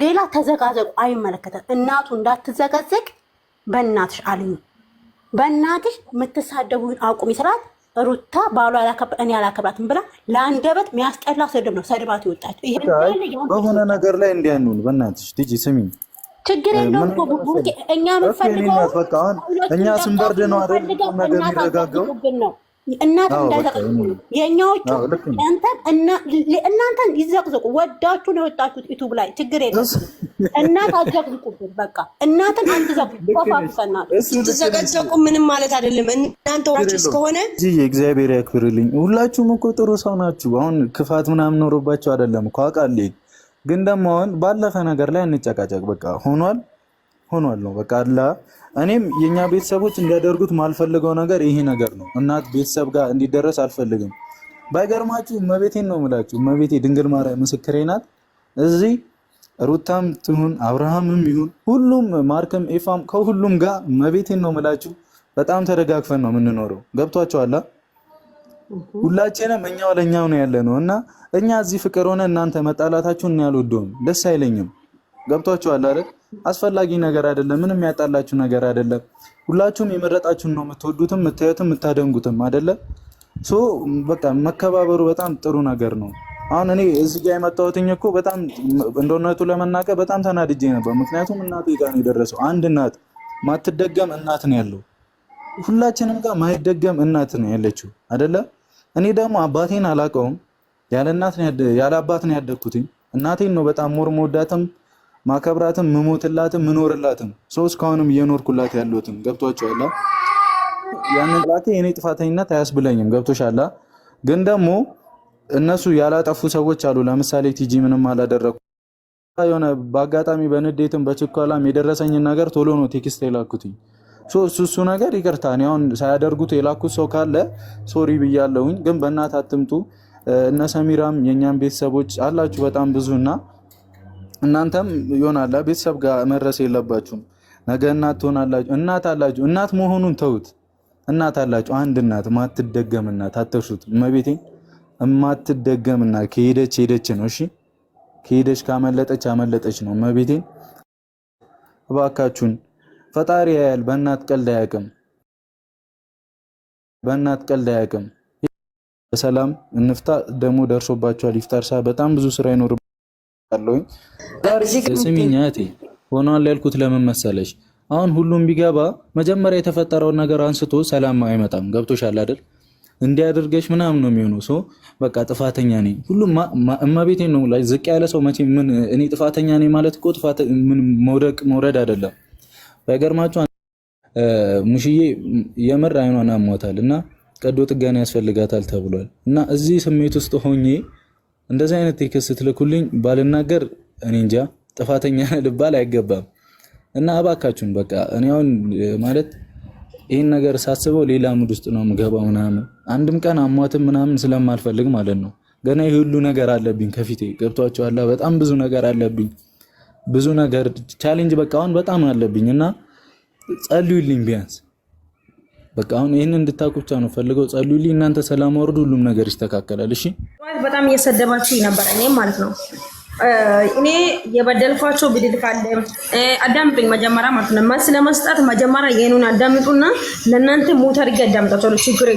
ሌላ ተዘጋዘቁ፣ አይመለከተም። እናቱ እንዳትዘቀዘቅ በእናትሽ አልኝ። በእናትሽ የምትሳደቡን አቁም ይስራት ሩታ ባሏ እኔ አላከብራትም ብላ ለአንደበት የሚያስጠላ ስድብ ነው ሰድባት ይወጣች። በሆነ ነገር ላይ እንዲያንል በእናትሽ ልጅ ስሚ፣ ችግር የለውም እኛ ምንፈልገው እኛ ስንበርድ ነው አደግ ነገር የሚረጋገው ነው እናት እንዳይዘቅዙ የእኛዎቹ እናንተን ይዘቅዘቁ። ወዳችሁ ነው የወጣችሁት ዩቱብ ላይ ችግር የለም። እናት አዘቅዝቁብን። በቃ እናትን አንዘቁዘቀዘቁ ምንም ማለት አይደለም። እናንተ ዋች እስከሆነ እግዚአብሔር ያክብርልኝ። ሁላችሁም እኮ ጥሩ ሰው ናችሁ። አሁን ክፋት ምናምን ኖሮባቸው አይደለም እኮ አውቃለሁ። ግን ደግሞ አሁን ባለፈ ነገር ላይ እንጨቃጨቅ። በቃ ሆኗል። ሆኗል ነው በቃ አላ እኔም የኛ ቤተሰቦች እንዲያደርጉት ማልፈልገው ነገር ይሄ ነገር ነው። እናት ቤተሰብ ጋር እንዲደረስ አልፈልግም። ባይገርማችሁ መቤቴን ነው የምላችሁ። መቤቴ ድንግል ማርያም ምስክሬ ናት። እዚህ ሩታም ትሁን አብርሃምም ይሁን ሁሉም ማርክም ኤፋም ከሁሉም ጋር መቤቴን ነው የምላችሁ። በጣም ተደጋግፈን ነው የምንኖረው። ገብቷችኋል? ሁላችንም እኛው ለእኛው ነው ያለ ነው እና እኛ እዚህ ፍቅር ሆነ እናንተ መጣላታችሁን እኔ አልወደውም፣ ደስ አይለኝም። ገብቷችኋል አይደል? አስፈላጊ ነገር አይደለም። ምንም ያጣላችሁ ነገር አይደለም። ሁላችሁም የመረጣችሁን ነው የምትወዱትም፣ የምታዩትም፣ የምታደንጉትም አይደለም። ሶ በቃ መከባበሩ በጣም ጥሩ ነገር ነው። አሁን እኔ እዚህ ጋር የመጣሁትኝ እኮ በጣም እንደ እውነቱ ለመናገር በጣም ተናድጄ ነበር። ምክንያቱም እናቴ ጋር ነው የደረሰው። አንድ እናት ማትደገም እናት ነው ያለው። ሁላችንም ጋር ማይደገም እናት ነው ያለችው አይደለ? እኔ ደግሞ አባቴን አላውቀውም። ያለ እናት ያለ አባት ነው ያደግኩትኝ። እናቴን ነው በጣም ሞር መወዳትም ማከብራትም ምሞትላትም ምኖርላትም ሰው እስካሁንም እየኖርኩላት ያለሁትም ገብቷቸዋላ። ያንን ጥፋቴ የኔ ጥፋተኝነት አያስብለኝም። ገብቶሻላ። ግን ደግሞ እነሱ ያላጠፉ ሰዎች አሉ። ለምሳሌ ቲጂ ምንም አላደረኩ የሆነ በአጋጣሚ በንዴትም በችኮላም የደረሰኝን ነገር ቶሎ ነው ቴክስት የላኩትኝ። እሱ ነገር ይቅርታ እኔ አሁን ሳያደርጉት የላኩት ሰው ካለ ሶሪ ብያለሁኝ። ግን በእናት አትምጡ። እነ ሰሚራም የእኛም ቤተሰቦች አላችሁ በጣም ብዙ እና እናንተም ይሆናላ ቤተሰብ ጋር መድረስ የለባችሁም። ነገ እናት ትሆናላችሁ። እናት አላችሁ። እናት መሆኑን ተውት። እናት አላችሁ። አንድ እናት ማትደገም እናት አተሹት መቤቴ እማትደገም እናት ከሄደች ሄደች ነው። እሺ ከሄደች ካመለጠች አመለጠች ነው። መቤቴ እባካችሁን ፈጣሪ ያያል። በእናት ቀልድ አያውቅም። በእናት ቀልድ አያውቅም። በሰላም እንፍታ። ደግሞ ደርሶባቸዋል ይፍታርሳ በጣም ብዙ ስራ ይኖር ስሚኛቴ ሆኗል ያልኩት ለምን መሰለሽ? አሁን ሁሉም ቢገባ መጀመሪያ የተፈጠረውን ነገር አንስቶ ሰላም አይመጣም። ገብቶሻል አይደል? እንዲያደርገሽ ምናምን ነው የሚሆነው። ሰው በቃ ጥፋተኛ ነኝ ሁሉም እመቤቴ ነው ላይ ዝቅ ያለ ሰው መቼ ምን እኔ ጥፋተኛ ነኝ ማለት እኮ ምን መውደቅ መውረድ አይደለም። ባይገርማችሁ ሙሽዬ የምር አይኗን አሟታል እና ቀዶ ጥጋና ያስፈልጋታል ተብሏል እና እዚህ ስሜት ውስጥ ሆኜ እንደዚህ አይነት ቴክስት ስትልኩልኝ ባልናገር እኔ እንጃ ጥፋተኛ ልባል አይገባም። እና እባካችሁን በቃ እኔ አሁን ማለት ይህን ነገር ሳስበው ሌላ ሙድ ውስጥ ነው የምገባው ምናምን አንድም ቀን አሟትም ምናምን ስለማልፈልግ ማለት ነው። ገና ይህ ሁሉ ነገር አለብኝ ከፊቴ ገብቷችኋል። በጣም ብዙ ነገር አለብኝ፣ ብዙ ነገር ቻሌንጅ በቃ አሁን በጣም አለብኝ እና ጸልዩልኝ ቢያንስ በቃ አሁን ይህን እንድታውቁ ብቻ ነው ፈልገው ጸልዩልኝ። እናንተ ሰላም ወርዱ፣ ሁሉም ነገር ይስተካከላል። እሺ በጣም እየሰደባችሁ ነበር፣ እኔም ማለት ነው። እኔ የበደልኳቸው ብድል ካለ አዳምጡኝ፣ መጀመሪያ ማለት ነው። መልስ ለመስጠት መጀመሪያ ይህንን አዳምጡና ለእናንተ ሞተር አዳምጣቸው ችግር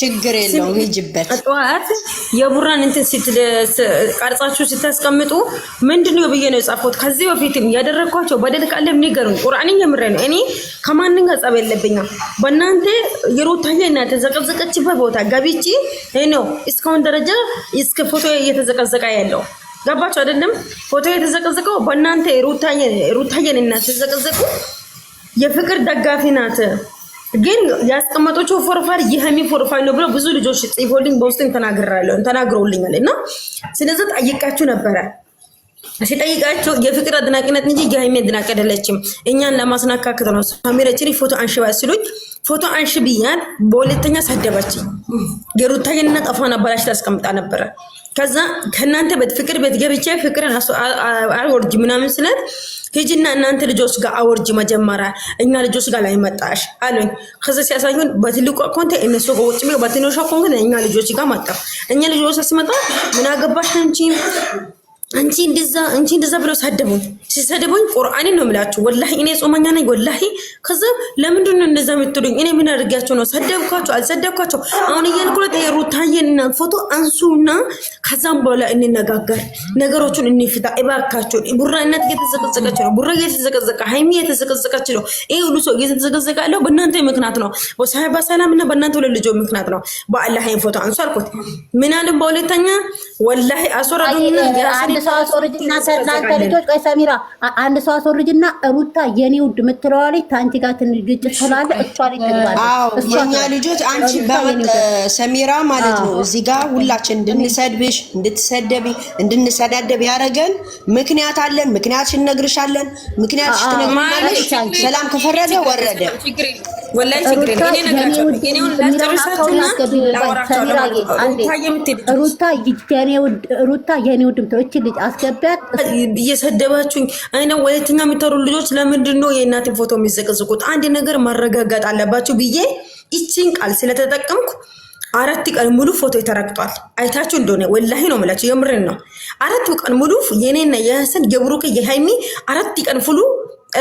ችግር የለውም። ሂጅበት። ጠዋት የቡራን እንትን ቀርጻችሁ ስታስቀምጡ ምንድን ነው ብዬ ነው የጻፈት። ከዚህ በፊትም ያደረግኳቸው በደል ቃለም ንገሩኝ። ቁርአን የምረ ነው። እኔ ከማንም ጋር ጸብ የለብኝም። በእናንተ የሮታዬ እና የተዘቀዘቀችበት ቦታ ገብቼ ነው እስካሁን ደረጃ እስከ ፎቶ እየተዘቀዘቀ ያለው ገባችሁ አይደለም? ፎቶ የተዘቀዘቀው በእናንተ ሩታዬን እና ተዘቀዘቁ። የፍቅር ደጋፊ ናት ግን ያስቀመጦቸው ፎርፋር የሀሚ ፎርፋር ነው ብለው ብዙ ልጆች ጽፎልኝ በውስጥ ተናግራለሁ ተናግረውልኛል። እና ስለዚህ ጠይቃችሁ ነበረ። ሲጠይቃቸው የፍቅር አድናቂነት እንጂ የሀሚ አድናቂ አይደለችም፣ እኛን ለማስናካክት ነው። ሳሚረችን ፎቶ አንሽባ ሲሉኝ ፎቶ አንሽ ብያት፣ በሁለተኛ ሳደባችኝ። የሩታዬንና ጠፋን አባላሽ ታስቀምጣ ነበረ ከዛ ከእናንተ ፍቅር ቤት ገብቼ ፍቅርን አወርጅ ምናምን ስለት ሂጅና እናንተ ልጆች ጋር አወርጅ መጀመሪያ እኛ ልጆች ጋር ላይ መጣሽ አሉኝ። ከዚ ሲያሳዩን በትልቁ ኮንተ እነሱ ከውጭ ሚ በትንሾ ኮንተ እኛ ልጆች ጋር መጣ እኛ ልጆች ሲመጣ ምን አገባሽ አንቺ አንቺ እንደዛ አንቺ እንደዛ ብለው ሰደቡኝ። ሲሰደቡኝ ቁርአኔን ነው የምላችሁ። ወላሂ እኔ ጾመኛ ነኝ ወላሂ። ከዛ ለምንድን ነው እንደዛ የምትሉኝ? እኔ ምን አድርጋችሁ ነው? ሰደብኳቸው አልሰደብኳቸው? አሁን እያልኩለት ሩታዬን ፎቶ አንሱና ከዛም በኋላ እንነጋገር፣ ነገሮቹን እንፍታ እባካችሁ። ቡራ እናት እየተዘቀዘቀች ነው፣ ቡራ እየተዘቀዘቀ፣ ሀይሚ እየተዘቀዘቀች ነው። ይሄ ሁሉ ሰው እየተዘቀዘቀ ያለው በእናንተ ምክንያት ነው፣ ሰላም እና በእናንተ ሁለት ልጆች ምክንያት ነው። በአላህ ፎቶ አንሱ አልኩት። ምን ምናልም በሁለተኛ ወላሂ አሶራ ዱኒና ሰው አስወርጅና እናንተ ልጆች፣ ቆይ ሰሚራ አንድ ሰው አስወርጅና ሩታ የኔ ውድ የምትለዋ ልጅ ታንቺ ጋር ትንግጭ ግጭት ስላለ እሷ ልጅ ትባል። እኛ ልጆች አንቺ ሰሚራ ማለት ነው እዚህ ጋር ሁላችን እንድንሰድብሽ እንድትሰደቢ እንድንሰዳደብ ያደረገን ምክንያት አለን። ምክንያትሽ እነግርሻለን። ምክንያትሽ ትነግርናለሽ። ሰላም ከፈረደ ወረደ ወላሂ ችግር ሩታ የኔ ውድም ተው፣ ልጅ አስገቢያት። እየሰደባችሁኝ አይነው ወለተኛ የሚታሩ ልጆች ለምንድን ነው የእናቴን ፎቶ የሚዘቀዝቁት? አንድ ነገር ማረጋጋጥ አለባችሁ ብዬ ይቺን ቃል ስለተጠቀምኩ አራት ቀን ሙሉ ፎቶ ተረግጧል። አይታችሁ እንደሆነ ወላሂ ነው የምላችሁ፣ የምርን ነው። አራት ቀን ሙሉ የኔና የሀሰን የብሩክ የሃይሚ አራት ቀን ሙሉ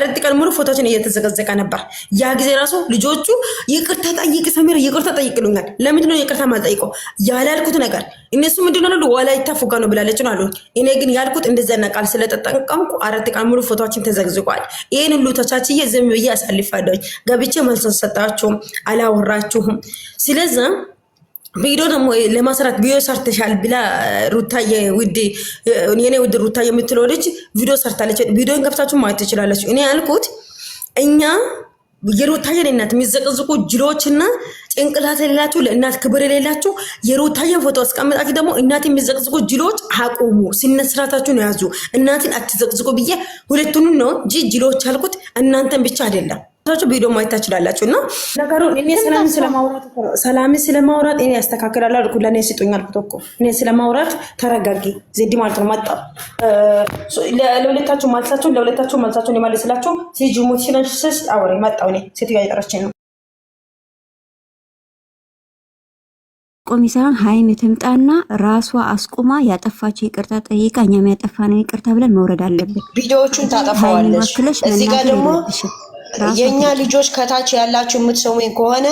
ረጥ ቀን ሙሉ ፎቶችን እየተዘቀዘቀ ነበር። ያ ጊዜ ራሱ ልጆቹ ይቅርታ ጠይቅ፣ ሰሚር ይቅርታ ጠይቅሉኛል። ለምንድን ነው ይቅርታ ማልጠይቀው? ያላልኩት ነገር እነሱ ምንድን ነው ወላይታ ፉጋ ነው ብላለች ነው አሉ። እኔ ግን ያልኩት እንደዚያና ቃል ስለተጠቀምኩ አራት ቀን ሙሉ ፎቶችን ተዘግዝቋል። ይህን ሁሉ ተቻችዬ ዝም ብዬ አሳልፋለች። ገብቼ መልሶ ሰጣችሁም አላወራችሁም። ስለዚህ ቪዲዮ ደግሞ ለማሰራት ቪዲዮ ሰርተሻል ብላ ሩታዬ ውድ የኔ ውድ ሩታዬ የምትለው ልጅ ቪዲዮ ሰርታለች። ቪዲዮን ገብታችሁ ማየት ትችላለች። እኔ ያልኩት እኛ የሩታዬን እናት የሚዘቅዝቁ ጅሎችና ጭንቅላት የሌላችሁ ለእናት ክብር የሌላችሁ የሩታዬን ፎቶ አስቀምጣችሁ ደግሞ እናት የሚዘቅዝቁ ጅሎች አቁሙ፣ ስነስርዓታችሁን ያዙ። እናትን አትዘቅዝቁ ብዬ ሁለቱንም ነው እንጂ ጅሎች ያልኩት እናንተን ብቻ አይደለም። ሰዎቹ ቪዲዮ ማየት ታችላላችሁ። እና ነገሩ እኔ ሰላም ስለማውራት ሰላም ስለማውራት እኔ ያስተካክላል አልኩ። ለእኔ ስጡኝ አልኩት እኮ እኔ ስለማውራት ተረጋጊ ዜዲ ማለት ነው። መጣ ለሁለታችሁ ማልሳችሁን ለሁለታችሁ ማልሳችሁን የማልስላችሁ ሲጂ ሞት ሲለንስስ አውሬ መጣው እኔ ሴትዮዋ እየጠራችኝ ነው። ቆሚ ሳይሆን ሀይም ትምጣና ራሷ አስቁማ ያጠፋችው ይቅርታ ጠይቃ እኛም ያጠፋነው ይቅርታ ብለን መውረድ አለብን። ቪዲዮዎቹን ታጠፋዋለሽ። እዚህ ጋር ደግሞ የእኛ ልጆች ከታች ያላችሁ የምትሰሙኝ ከሆነ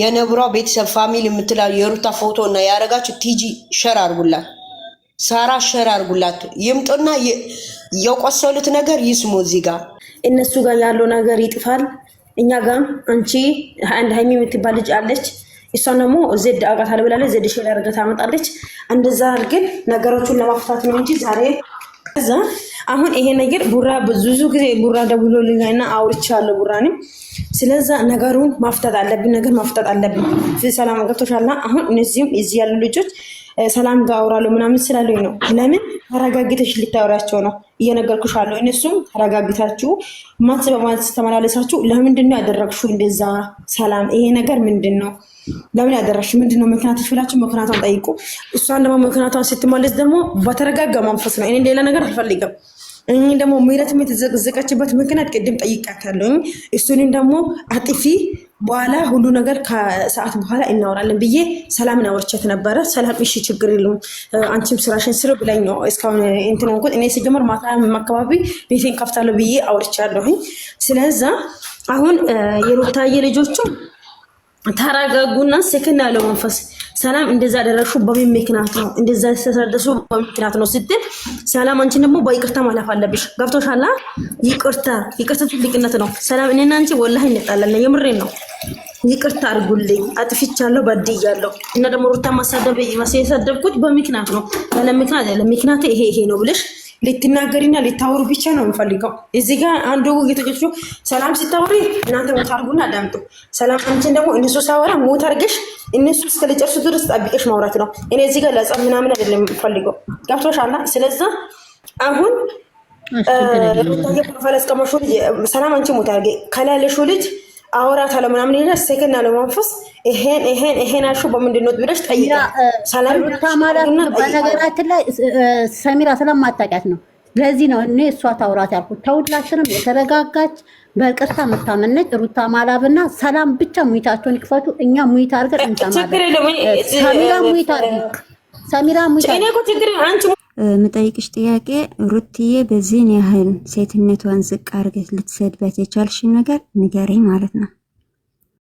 የነብሯ ቤተሰብ ፋሚሊ የምትላ የሩታ ፎቶ እና ያደረጋችሁ ቲጂ ሸር አርጉላት፣ ሳራ ሸር አርጉላት። ይምጡና የቆሰሉት ነገር ይስሙ። እዚህ ጋር እነሱ ጋር ያለው ነገር ይጥፋል። እኛ ጋር አንቺ አንድ ሀይሚ የምትባል ልጅ አለች። እሷን ደግሞ ዜድ አውቃታል ብላለች። ዜድ ሸር ያደረገ ታመጣለች። እንደዛ ግን ነገሮቹን ለማፍታት ነው እንጂ ዛሬ አሁን ይሄ ነገር ቡራ ብዙ ጊዜ ቡራ ደውሎልኛና አውርቻለሁ። ቡራንም ስለዛ ነገሩን ማፍታት አለብን፣ ነገር ማፍታት አለብን። ሰላም ገብቶሻልና አሁን እነዚህም እዚህ ያሉ ልጆች ሰላም ጋር አውራለሁ ምናምን ስላሉኝ ነው። ለምን ተረጋግተሽ ልታወሪያቸው ነው እየነገርኩሻለሁ። እነሱም ተረጋግታችሁ ማት በማት ተመላለሳችሁ ለምንድን ነው ያደረግሽው እንደዛ? ሰላም ይሄ ነገር ምንድን ነው ለምን ያደረግሽ ምንድን ነው ምክንያቶች ብላችሁ ምክንያቷን ጠይቁ። እሷን ደግሞ ምክንያቷን ስትመለስ ደግሞ በተረጋጋ መንፈስ ነው። እኔ ሌላ ነገር አልፈልግም። እኔ ደግሞ ምህረትም የተዘቀዘቀችበት ምክንያት ቅድም ጠይቃታለሁ። እሱንም ደግሞ አጥፊ በኋላ ሁሉ ነገር ከሰዓት በኋላ እናወራለን ብዬ ሰላምን አወርቻት ነበረ። ሰላም እሺ ችግር የለውም አንቺም ስራሽን ስሩ ብለኝ ነው እስካሁን እንትን ሆንኩት። እኔ ሲጀምር ማታ አካባቢ ቤቴን ከፍታለሁ ብዬ አወርቻለሁኝ። ስለዛ አሁን የሩታዬ ልጆቹ ተረጋጉና ሴክን ያለው መንፈስ ሰላም እንደዛ አደረሹ በምን ምክንያት ነው እንደዛ ተሰደሱ በምን ምክንያት ነው ስትል፣ ሰላም አንቺ ደግሞ በይቅርታ ማለፍ አለብሽ። ገብቶሻላ? ይቅርታ ይቅርታ ትልቅነት ነው። ሰላም እኔና አንቺ ወላሂ እንጣላለን። የምሬን ነው። ይቅርታ አድርጉልኝ፣ አጥፍቻለሁ፣ በድያለሁ። እና ደግሞ ሩታ ማሳደብ የሰደብኩት በምክንያት ነው። ያለ ምክንያት ያለ ምክንያት ይሄ ይሄ ነው ብለሽ ልትናገሪና ልታወሩ ብቻ ነው የምፈልገው። እዚህ ጋ አንዱ ጌቶች ሰላም ስታወሪ እናንተ ሞት አድርጉና አዳምጡ። ሰላም አንቺን ደግሞ እነሱ ሳወራ ሞት አድርገሽ እነሱ እስከሊጨርሱ ድረስ ጠብቀሽ ማውራት ነው። እኔ እዚህ ጋ ለጸብ ምናምን አይደለም የምፈልገው። ገብቶሻል? ስለዛ አሁን ፕሮፋይል አስቀመሹ ሰላም አንቺ ሞት አድርጌ ከላለሹ ልጅ አውራት አለ ምናምን ይልና ሴከንድ አለ መንፈስ ይሄን ይሄን ይሄን አልሽው በምንድን ነው ብለሽ ጠይቃ ነው። በነገራችን ላይ ሰሚራ ስለማታውቂያት ነው። ለዚህ ነው እኔ እሷ ታውራት ያልኩት። ተውላችንም የተረጋጋች በቅርታ መታመነች ሩታ ማላብና ሰላም ብቻ ሙይታቸውን ይክፈቱ። እኛ ሙይታ አድርገን እንሰማለን። ሰሚራ ሙይታ ሰሚራ ሙይታ እኔ አንቺ ምጠይቅሽ ጥያቄ ሩትዬ በዚህን ያህል ሴትነቷን ዝቅ አድርገሽ ልትሰድበት የቻልሽን ነገር ንገሪ ማለት ነው።